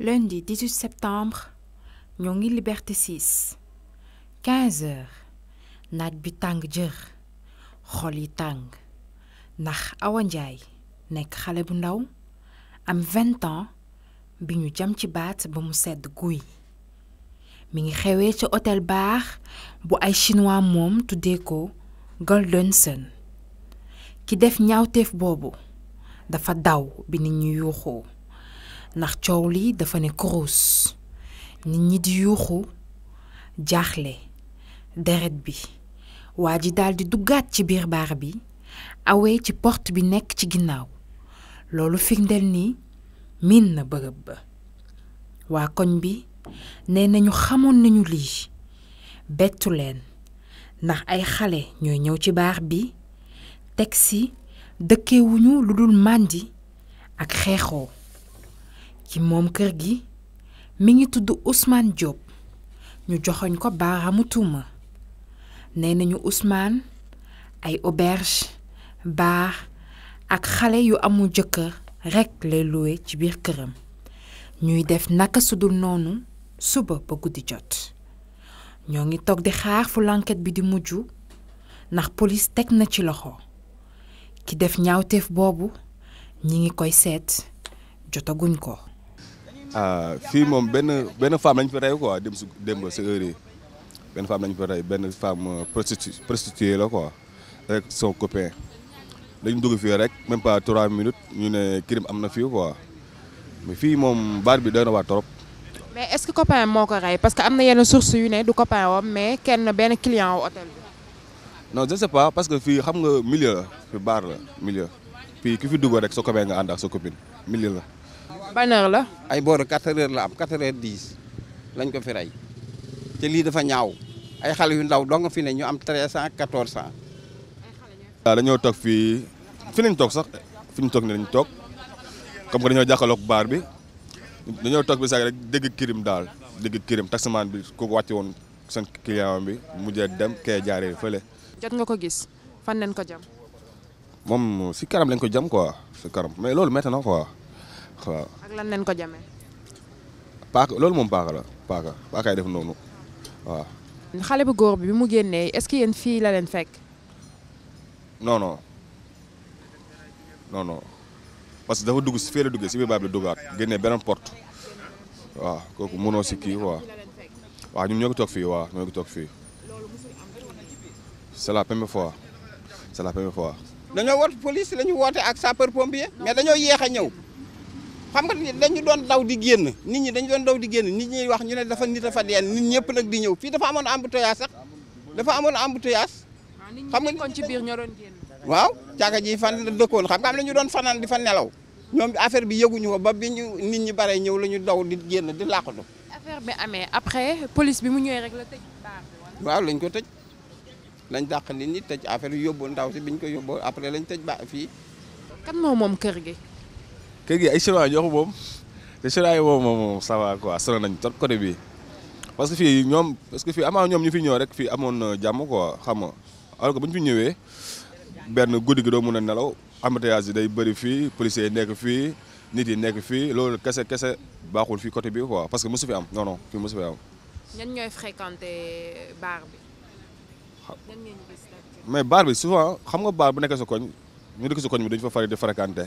lundi 18 septembre Nyongi Liberté 6 15 heures Nad butang tàng jër xol yi tàng am 20 ans binu ñu jam ci baat ba mu sedd guy mi ngi ay chinois mom Golden Sun ki def tef bobo, dafa daw ndax coow lii dafa ne kurus nit ñi di yuuxu jaaxle deret bi waa ji daldi duggaat ci biir baar bi awe ci port bi nekk ci ginnaaw loolu firndeel ni miin na bërëb ba waa koñ bi nee nañu xamoon nañu lii bettu leen ndax ay xale ñooy ñëw ci baar bi teg si dëkkewuñu lu dul màndi ak xeexoo ki moom kër gi mi ngi tudd Ousmane Diop ñu joxoñ ko baaraamu tuuma nee nañu usmaan ay auberge baar ak xale yu amul jëkkër rekk lay luwe ci biir këram ñuy def naka sudul noonu suba ba guddi jot ñoo ngi toog di xaar fu lanket bi di mujj ndax polis teg na ci loxo ki def ñaawteef boobu ñi ngi koy seet jotaguñ ko Ah, Il femme femme euh, prostituée son copain même pas minutes mais mais est-ce que copain moko parce que y a source yu ne du copain mais kenn client hôtel non je sais pas parce que le xam nga milieu fi milieu copain nga copine milieu ban heure la. ay boor 4 heures la am 4 heures 10 lañ ko fi rey te lii dafa ñaaw ay xale yu ndaw dong fi ne ñu am 1300 1400. waaw dañoo toog fii fi lañ toog sax fi ñu toog ne lañ toog kom que dañoo jàkkaarloog baar bi dañoo toog bi sax rek dégg kirim daal dégg kirim taximaan bi ko wàcce woon seen client bi mujjee dem kee jaaree fële. jot nga ko gis fan lañ ko jam. moom si karam lañ ko jam quoi si karam mais loolu métti na waaw. lan leen ko jamee. paaka loolu moom la paaka paakaay def noonu waaw. xale bu góor bi mu génnee est-ce que yéen fii la leen fekk. non non parce que dafa dugg si fii la duggee si biir baab la duggaat génnee beneen porte waaw kooku mënoo si kii waaw ñu ñun ñoo ko toog fii waaw ñoo ko toog fii c'est la première fois c'est la première fois. dañoo war police la ñu woote ak sapeur pompier mais dañoo yéex a ñëw. xam nga dañu doon daw di génn nit ñi dañu doon daw di génn nit ñi wax ñu ne dafa nit dafa deen nit ñëpp nag di ñëw fii dafa amoon embouteillage sax dafa amoon embouteillage ah, xam nga kon ci biir ñoo doon génn waaw caaka ji fan la dëkkoon xam nga am na doon fanaan di fa nelaw ñoom affaire bi yëguñu ko ba bi ñu nit ñi bare ñëw lañu daw di génn di làqatu affaire bi amee après police bi mu ñëwee rek la tëj waaw lañ ko tëj lañ dàq nit ñi tëj affaire yóbbu ndaw si biñ ko yóbbu après lañ tëj ba fii kan moo moom kër gi kër gi ay chinois ñoo ko moom te chinois yi moom moom ça va quoi sonal nañ trop côté bi parce que fii ñoom parce que fii amaa ñoom ñu fi ñëw rek fii amoon na jàmm quoi xam nga alors que bu ñu fi ñëwee benn guddi gi doo mën a nelaw embouteillage yi day bëri fii policiers yi nekk fii nit yi nekk fii loolu kese kese baaxul fii côté bi quoi parce que mosu fi am non non fii mosu fi am. ñan ñooy fréquenter bar bi. mais bar bi souvent xam nga bar bu nekkee sa koñ ñu dëkk sa koñ bi dañu fa fari di fréquenter.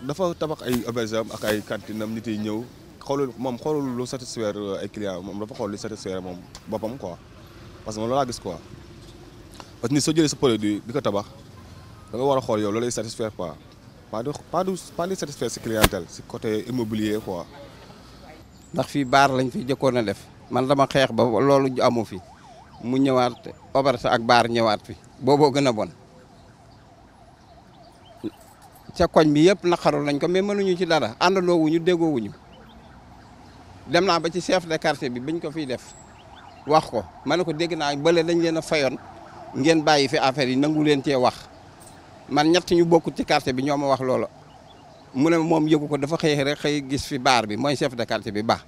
dafa tabax ay auberge am ak ay cantine am nit ñëw xoolul moom xoolul lu satisfaire euh, ay clients moom dafa xool lu satisfaire moom boppam quoi parce que moom loolaa gis quoi parce que nit soo jëlee sa produit di ko tabax da war a xool yow loolay satisfaire quoi pas de pas de pas de satisfaire si clientèle si côté immobilier quoi. ndax fii baar lañ fi jëkkoon a def man dama xeex ba loolu amu fi mu ñëwaat auberge ak baar ñëwaat fi booboo gën a bon. ca koñ bi yëpp naqaru nañ ko mais mënuñu ci dara àndandoo wuñu wuñu dem naa ba ci chef de quartier bi bañ ko fiy def wax ko ma ne ko dégg naa bële dañ leen a fayoon ngeen bàyyi fi affaire yi nangu leen cee wax man ñett ñu bokkut ci quartier bi ñoo ma wax loolo mu ne moom yëgu ko dafa xëy rek xëy gis fi baar bi mooy chef de quartier bi baax.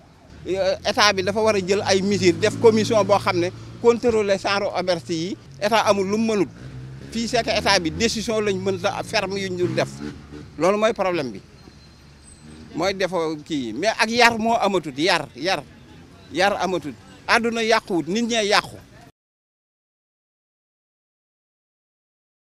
Euh, état bi dafa war a jël ay mesures def commission boo xam ne contrôler saaru aberti yi état amul lu mu mënut. fii c'est que état bi décision lañ mën a ferme yuñ dul def loolu mooy problème bi mooy defoo kii mais ak yar moo amatut yar yar yar amatut àdduna yàquwut nit ñee yàqu